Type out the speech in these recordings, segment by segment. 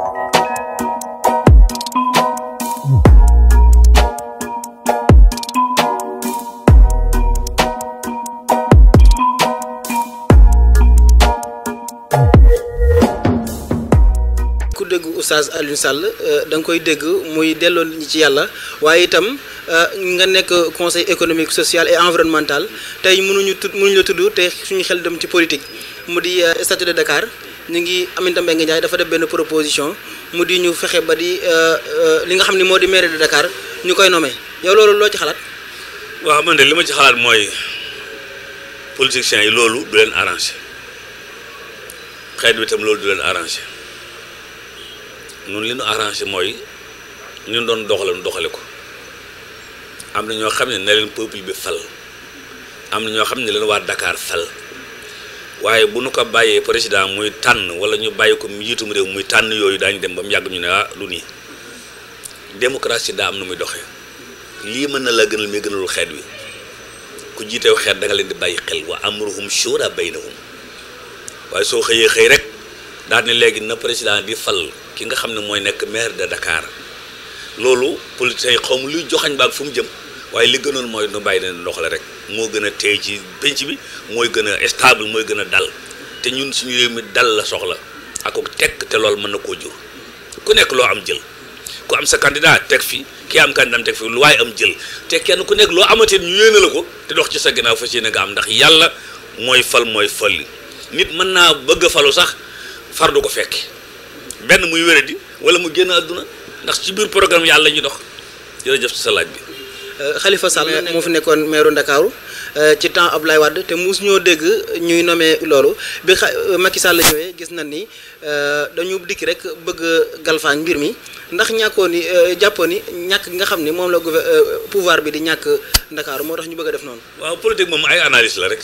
dégg oustaz Alioune Sall euh, da koy dégg muy delloo ñi ci yàlla waaye itam euh, nga nekk conseil économique social et environnemental tey mënuñu tudd mënuñu la tudd te suñu xel dem ci politique mu di euh, statut de Dakar ñu ngi Aminata Mbengue Ndiaye dafa def benn proposition mu di ñu fexe ba di euh, euh, li nga xam ni moo di maire de Dakar ñu koy nommé yow loolu loo ci xalaat. waaw man de li ma ci xalaat mooy politiciens yi loolu du leen arrangé xeet bi tam loolu du leen arrangé noonu li ñu arrangé mooy ñu doon doxale nu doxale ko am na ñoo xam ne na leen peuple bi fal am na ñoo xam ne leen waa dakaar fal. waaye bu nu ko bàyyee président muy tànn wala ñu bàyyi ko njiitum réew muy tànn yooyu daañu dem ba mu yàgg ñu ne ah lu nii démocratie daa am na muy doxee lii mën na la gënal mi gënalul xeet wi ku jiitew xeet da nga leen di bàyyi xel waa wa amruhum shura baynahum waaye soo xëyee xëy rek daal ne léegi na président di fal ki nga xam ne mooy nekk maire de Dakar loolu politiciens yi xaw ma luy joxañ baag fu mu jëm waaye li gënoon mooy nu bàyyi leen ndox la rek moo gën a teey ci penc bi mooy gën a stable mooy gën a dal te ñun suñu réew mi dal la soxla ak ko tekk te lool mën na koo jur ku nekk loo am jël ku am sa teg fi ki am candidat teg lu waaye am jël te kenn ku nekk loo amatee ñu yéene la ko te dox ci sa ginnaaw fas yéene am ndax yàlla mooy fal mooy falli nit mën naa bëgg a falu sax far du ko fekki benn muy wéradi wala mu génn àdduna ndax ci biir programme yàlla ñu dox jërëjëf ci sa laaj bi xalifa euh, Sall moo fi nekkoon maire Ndakaaru euh, ci temps Abdoulaye Wade te muus ñoo dégg ñuy nommé loolu bi xa euh, Macky Sall ñëwee gis nañ ni dañu dikk rek bëgg a galfaañ mbir mi ndax ñàkkoon ni jàppoo ni ñàkk nga xam ni moom la pouvoir bi di ñàkk Ndakaaru moo tax ñu bëgg a def noonu. waaw politique moom ay analyse la rek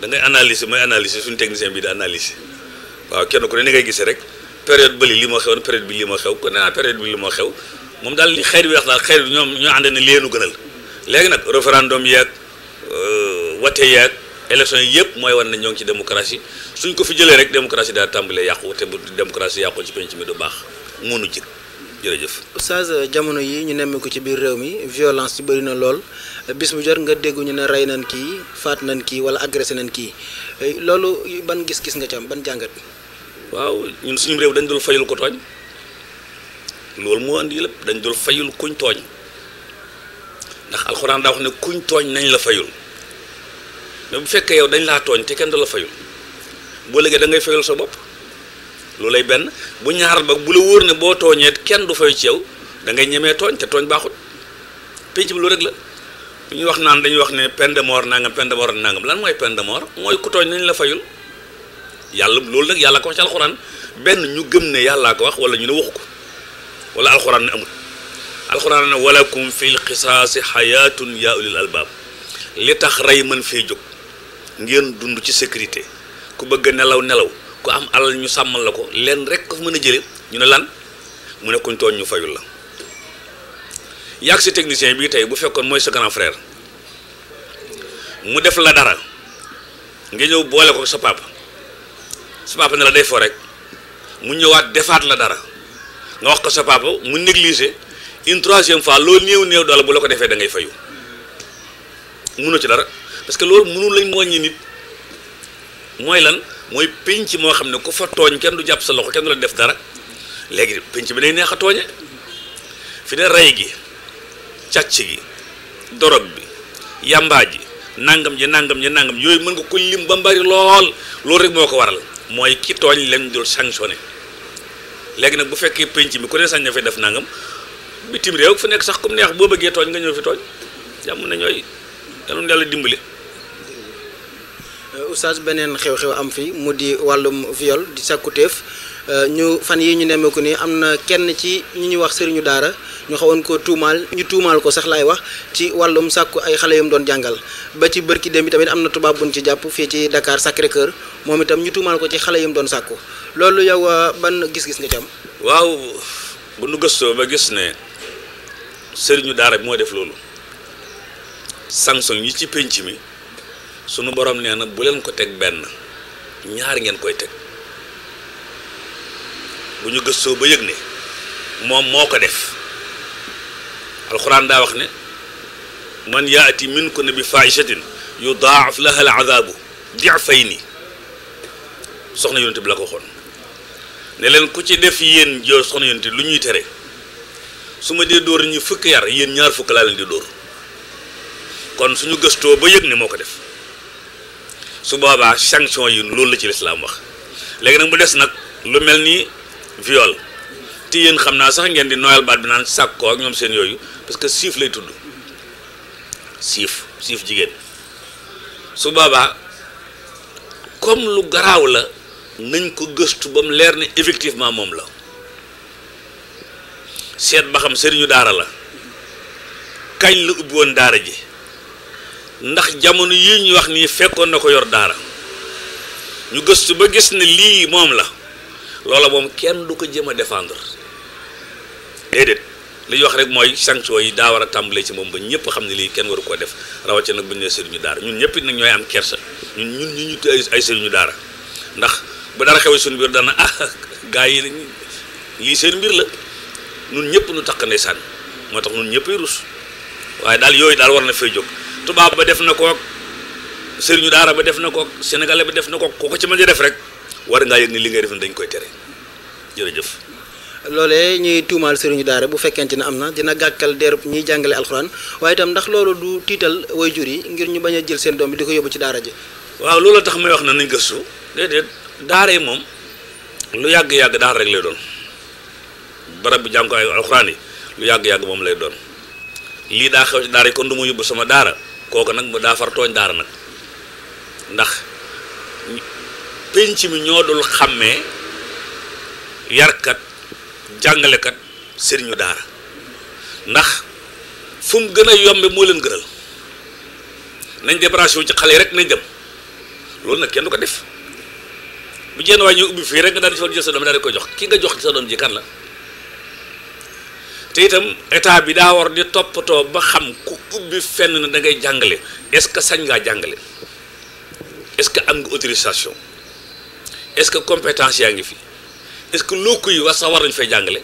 da ngay analyser mooy analyser suñu technicien bi di analyser waaw kenn ku ne ni ngay gisee rek période bële lii moo xewoon période bi lii moo xew kon naa période bi lii moo xew. moom daal li xeer bi wax daal xeer bi ñoom ñoo ànd ne leenu gënal léegi nag référendum yeeg euh, wate yeeg élection yi yëpp mooy war na ñoo ngi ci démocratie suñ ko fi jëlee rek démocratie daal tàmbalee yàqu te bu démocratie yàqu ci penc mi du baax munu jik jërëjëf. Oustaz euh, jamono yi ñu nemme ko ci biir réew mi violence ci bëri na lool bis bu jot nga dégg ñu ne rey nañ kii faat nañ kii wala agressé nan kii euh, loolu ban gis-gis nga ci ban jàngat. waaw ñun suñu réew dañ dul fayul ko tooñ. loolu moo andi lépp dañ dul fayul kuñ tooñ ndax alxuraan daa wax ne kuñ tooñ nañ la fayul mais bu fekkee yow dañ laa tooñ te kenn du la fayul boo léegi da ngay fayul sa bopp loolay benn bu ñaar ba bu wóor ne boo kenn du fay ci yow ñemee tooñ te tooñ baaxut penc bi rek la bu ñuy wax naan dañuy wax ne peine de mort nangam peine lan mooy peine de nañ la fayul yàlla loolu nag yàlla ko wax ci alxuraan benn ñu gëm ne yàllaa ko wax wala ñu ne waxu ko. wala alxuraan ne amul alxuraan ne walakum fil qisaasi xayaatun yaa ulil albaab li tax rey mën fee jóg ngeen dund ci sécurité ku bëgg nelaw nelaw ku am alal ñu sàmmal la ko leen rek ko mën a jële ñu ne lan mu ne kuñ tooñ ñu fayul la yàgg si technicien bii tey bu fekkoon mooy sa grand frère mu def la dara nga ñëw boole ko sa papa sa papa ne la day foo rek mu ñëwaat defaat la dara nga wax ko sa papa mu négligé une troisième fois loo néew néew doole bu la ko defee da ngay fayu mënu ci dara parce que loolu mënul lañ mooññi nit mooy lan mooy pénc moo xam ne ku fa tooñ kenn du jàpp sa loxo kenn du la def dara léegi pénc bi day neex a tooñe fi ne rey gi càcc gi dorob bi yàmbaa ji nangam ji nangam ji nangam yooyu mën nga ko lim ba mbari lool loolu rek moo ko waral mooy ki tooñ leen dul sanctionné léegi nag bu fekkee penc mi ku ne sañ na fi def nangam bitim réew fu nekk sax comme neex boo bëggee tooñ nga ñëw fi tooñ jàmm na ñooy yàlla yàlla dimbali. Euh, oustaz beneen xew-xew am fi mu di wàllum viol di sakkuteef euh, ñu fan yi ñu nemmeeku ni am na kenn ci ñi ñu wax sëriñu daara. ñu xawoon ko tuumaal ñu tuumaal ko sax laay wax ci wàllum sàkku ay xale yum doon jàngal ba ci bërki dem bi tamit am na tubaab buñ ci jàpp fii ci dakaar Sacré Cœur moom itam ñu tuumaal ko ci xale yum doon sàkku loolu yow euh, ban gis-gis nga ci waaw bu nu gëstoo ba gis ne sëriñu daara bi moo def loolu sanction yi ci pinc mi sunu borom nee na bu leen ko teg benn ñaari ngeen koy teg bu ñu gëstoo ba yëg ne moom moo ko def alquran daa wax ne man yaati minkunna bi faahishatin yudaaf laha al azaabu difayni soxna yonte bi la ko waxoon ne leen ku ci def yéen joo soxna yonte lu ñuy tere su ma dee dóor ñu fukk yar yéen ñaar fukk laa leen di dóor kon suñu gëstoo ba yëg ne moo ko def su boobaa sanction yi loolu la ci lislaam wax léegi nag mu des nag lu mel ni viol te yéen xam naa sax ngeen di noyal baat bi naan sàkkoo ak ñoom seen yooyu parce que siif lay tudd siif siif jigéen su boobaa comme lu garaaw la nañ ko gëstu ba mu leer ne effectivement moom la seet ba xam sëriñu daara la kañ la ubbi woon daara ji ndax jamono yi ñuy wax nii fekkoon na ko yor daara ñu gëstu ba gis ne lii moom la loola moom kenn du ko jéem a défendre déedéet li ñu wax rek mooy sanction yi daa war a tàmbalee ci moom ba ñëpp xam ne lii kenn waru koo def rawatina nag bu ñu nee sëriñu daara ñun ñëpp it nag ñooy am kersa ñun ñun ñu ñu ay ay sëriñu daara ndax bu dara xewee suñu biir dana ah gaa yi lii seen mbir la ñun ñëpp ñu takk ndeysaan moo tax ñun ñëppay rus waaye daal yooyu daal war na fay jóg tubaab ba def na kook sëriñu daara ba def na kook sénégalais ba def na kook koo ci ma a def rek war ngaa yëg ni li ngay def dañ koy tere jërëjëf. loolee ñuy tuumaal sëriñu daara bu fekkente ne am na dina gàkkal deerub ñiy jàngale alxuraan waaye itam ndax loolu du tiital way jur yi ngir ñu bañ a jël seen doom bi di ko yóbbu ci daara ji waaw loolu tax may wax na nañ gëstu déedéet daara yi moom lu yàgg-yàgg daara rek lay doon barab bi jàng ko ay alxuraan yi lu yàgg-yàgg moom lay doon lii daa xew ci daara yi kon du ma yóbbu sama daara kooka nag mu daa far tooñ daara nag ndax penc mi ñoo dul xàmmee yarkat jàngalekat sëriñu daara ndax fu mu gën a yombe moo leen gënal nañ débarrassé wu ci xale yi rek nañ dem loolu nag kenn ko def bu jenn waay ñu ubbi fii rek nga daal di fa jël sa doom daal di koy jox ki nga jox sa doom ji kan la te itam état bi daa war di toppatoo ba xam ku ubbi fenn na da ngay jàngale est-ce que sañ ngaa jàngale est-ce que am nga autorisation est-ce que compétence yaa ngi fi est-ce que locaux yi war sax war nañu fay jàngale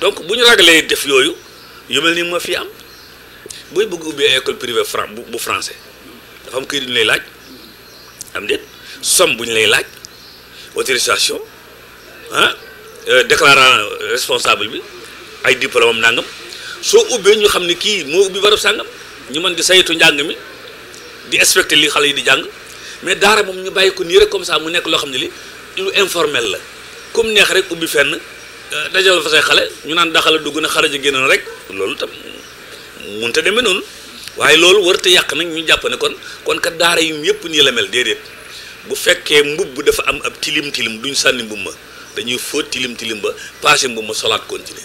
donc bu ñu ragalee def yooyu yu mel ni ma fi am booy bëgg ubbi école privée fran bu français dafa am këyit yu ñu lay laaj am déet somme bu ñu lay laaj autorisation ah euh, déclarant responsable bi ay diplôme am nangam soo ubbee ñu xam ne kii moo ubbi barab sàngam ñu mën di saytu njàng mi di respecté li xale yi di jàng mais daara moom ñu bàyyi ko nii rek comme ça mu nekk loo xam ne li lu informel la comme neex rek ubbi fenn euh, dajal fa say xale ñu naan daxala dugg na xaraja génn rek loolu tam munte demee noonu waaye loolu war warta yàq nag ñu jàpp ne kon kon kat daara yum yëpp nii la mel déedéet bu fekkee mbubb dafa am ab tilim tilim duñ sànni mbubb ma dañuy fóot tilim tilim ba passé mbubb ma solaat continuer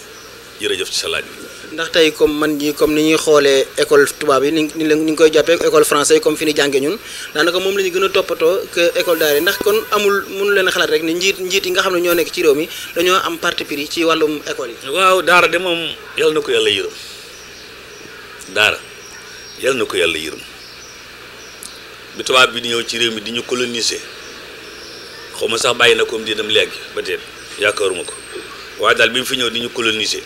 jërëjëf ci salaat bi ndax tey comme man ji comme ni ñuy xoolee école tubaab yi ni ñu ni koy jàppee école français comme fi ñu jàngee ñun daanaka moom la ñu gën a toppatoo que école daara ndax kon amul mënu leen xalaat rek ni njiit njiit yi nga xam ne ñoo nekk ci réew mi dañoo am parti pris ci wàllum école yi. waaw daara de moom yal na ko yàlla yërëm daara yal na ko yàlla bi tubaab bi di ñëw ci réew mi di ñu coloniser xaw ma sax bàyyi na comme di dem léegi ba tey yaakaaruma ko waaye daal bi mu ñëw di ñu coloniser.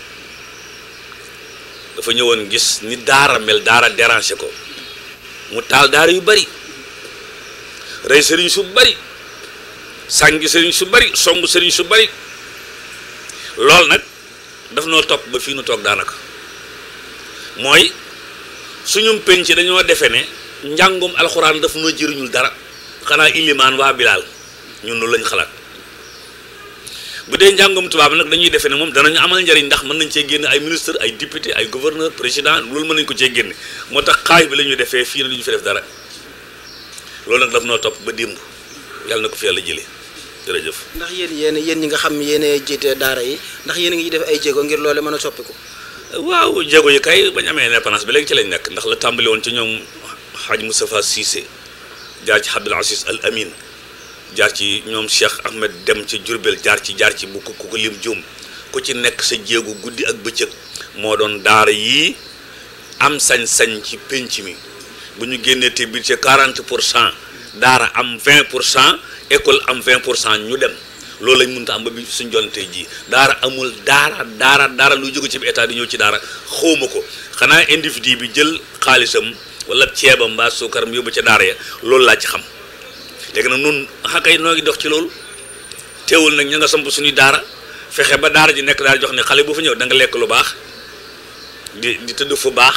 dafa ñëwoon gis ni daara mel daara déranger ko mu taal daara yu bari rey sëriñ su bari sàngi sëriñ su bari songu sëriñ su bari lool nag daf noo topp ba fii nu toog daanaka mooy suñu penc dañoo defe ne njàngum alxuraan daf noo jëriñul dara xanaa ilimaan waa bilaal ñun loolu lañ xalaat bu dee njàngum tubaab nag dañuy defee ne moom danañu amal njariñ ndax mën nañ cee génne ay ministre ay député ay gouverneur président loolu mën nañ ko cee génne moo tax xaay bi la defee fii na lu ñu fi def dara loolu nag daf noo topp ba dimb yal na ko fi yàlla jëlee jërëjëf. ndax yéen yéen yéen ñi nga xam yéen jiite daara yi ndax yéen a ngi def ay jéego ngir loole mën a ko waaw jéego yi kay bañ amee indépendance bi léegi ci lañ nekk ndax la tàmbali woon ci ñoom Hadj Moustapha Cissé jaar ci Abdoul Al Amin jaar ci ñoom Cheikh Ahmed dem ci Jurbel jaar ci jaar ci bu ku ko lim jum ku ci nekk sa jéegu guddi ak bëccëg moo doon daara yii am sañ-sañ ci pénc mi bu ñu génnee te budget quarante pour cent daara am 20 pour cent école am 20 pour cent ñu dem loolu lañ mënta am ba bi suñ jonte ji daara amul daara daara daara lu jóge ci bi état di ñëw ci daara xawuma ko xanaa individu bi jël xaalisam wala ceebam mbaa suukaram yóbbu ca daara ya loolu laa ci xam léegi nag nun xakay ah, noo ngi dox ci loolu teewul nag ña nga samp suñuy daara fexe ba daara ji nekk daara jox ne xale bu fa ñëw da nga lekk lu baax di di tëdd fu baax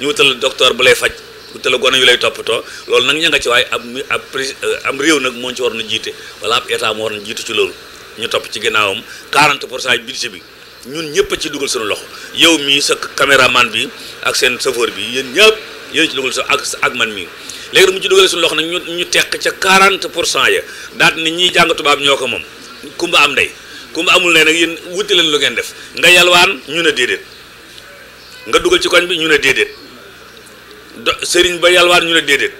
ñu wutal docteur bu lay faj wutal gone yu lay toppatoo loolu nag ña ci waaye ab ab euh, am réew nag moo ci war na jiite wala ab état moo war na jiitu ci loolu ñu topp ci ginnaawam 40 pour cent budget bi ñun ñëpp ci dugal suñu loxo yow mii sa caméraman bi ak seen chauffeur bi yéen ñëpp yéen ci dugal sa ak ak man mii léegi nag mu ci dugalee suñu loxo nag ñu ñu teq ca 40 pour cent ya daal ni ñiy jàng tubaab ñoo ko moom kumba am ndey kumba amul ne nag yéen wuti leen lu ngeen def nga yalwaan ñu ne déedéet nga dugal ci koñ bi ñu ne déedéet do sëriñ ba yalwaan ñu ne déedéet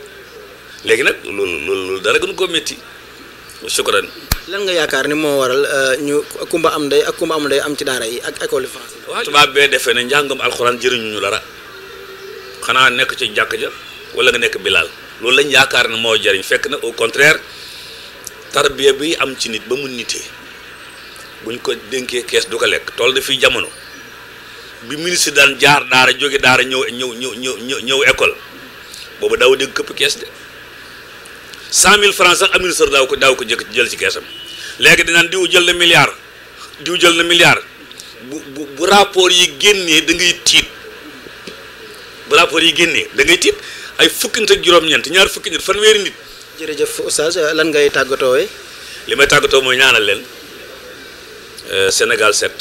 léegi nag loolu loolu dara gën koo métti shukran lan nga yaakaar ni moo waral euh, ñu kumba am ndey ak kumba amul ndey am ci daara yi ak école français. tubaab bee defee ne njàngam alxuraan jëriñu ñu dara xanaa nekk ci jàkk ja. wala nga nekk bilaal loolu lañ yaakaar ne moo jariñ fekk na au contraire tarbiya bi am ci nit ba mu nitee buñ ko dénkee kees du ko lekk tool na fii jamono bi ministre daan jaar daara jóge daara ñëw ñëw ñëw ñëw ñëw école boobu daaw dégg këpp kees de cent mille francs sax administrateur daaw ko daaw ko jëkk jël ci keesam léegi dinaan diw jël na milliard diw jël na milliard bu bu bu yi génnee da ngay tiit bu rapport yi génnee da ngay tiit ay fukki nit ak juróom-ñeent ñaar fukki fan fanweeri nit. jërëjëf Oustaz lan ngay tàggatoo li may tàggatoo mooy ñaanal leen euh, Sénégal set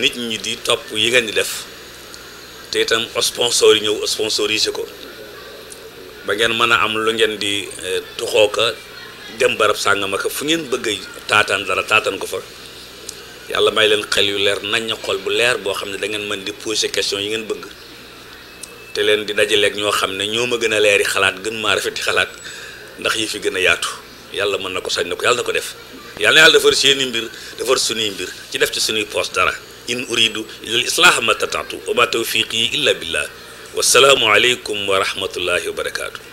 nit ñi di topp yi ngeen di def te itam sponsor yi ñëw sponsorisé ko ba ngeen mën a am lu ngeen di euh, tuxoo ka dem barab sàngam ak fu ngeen bëgg taataan dara taataan ko fa yàlla may leen xel yu leer nañ xol bu leer boo xam ne dangeen ngeen mën di poser question yi ngeen bëgg. te leen di dajaleek ñoo xam ne ñoo ma gën a leeri xalaat gën maa rafeti xalaat ndax yi fi gën a yaatu yàlla mën na ko sañ na ko yàlla na ko def yàlla na yàlla defar seeni mbir defar sunuy mbir ci def ci sunuy poos dara in uridu ilal islaaha ma tataatu wa ma tawfiqi illa billah wasalaamu aleykum wa rahmatullahi wa barakaatu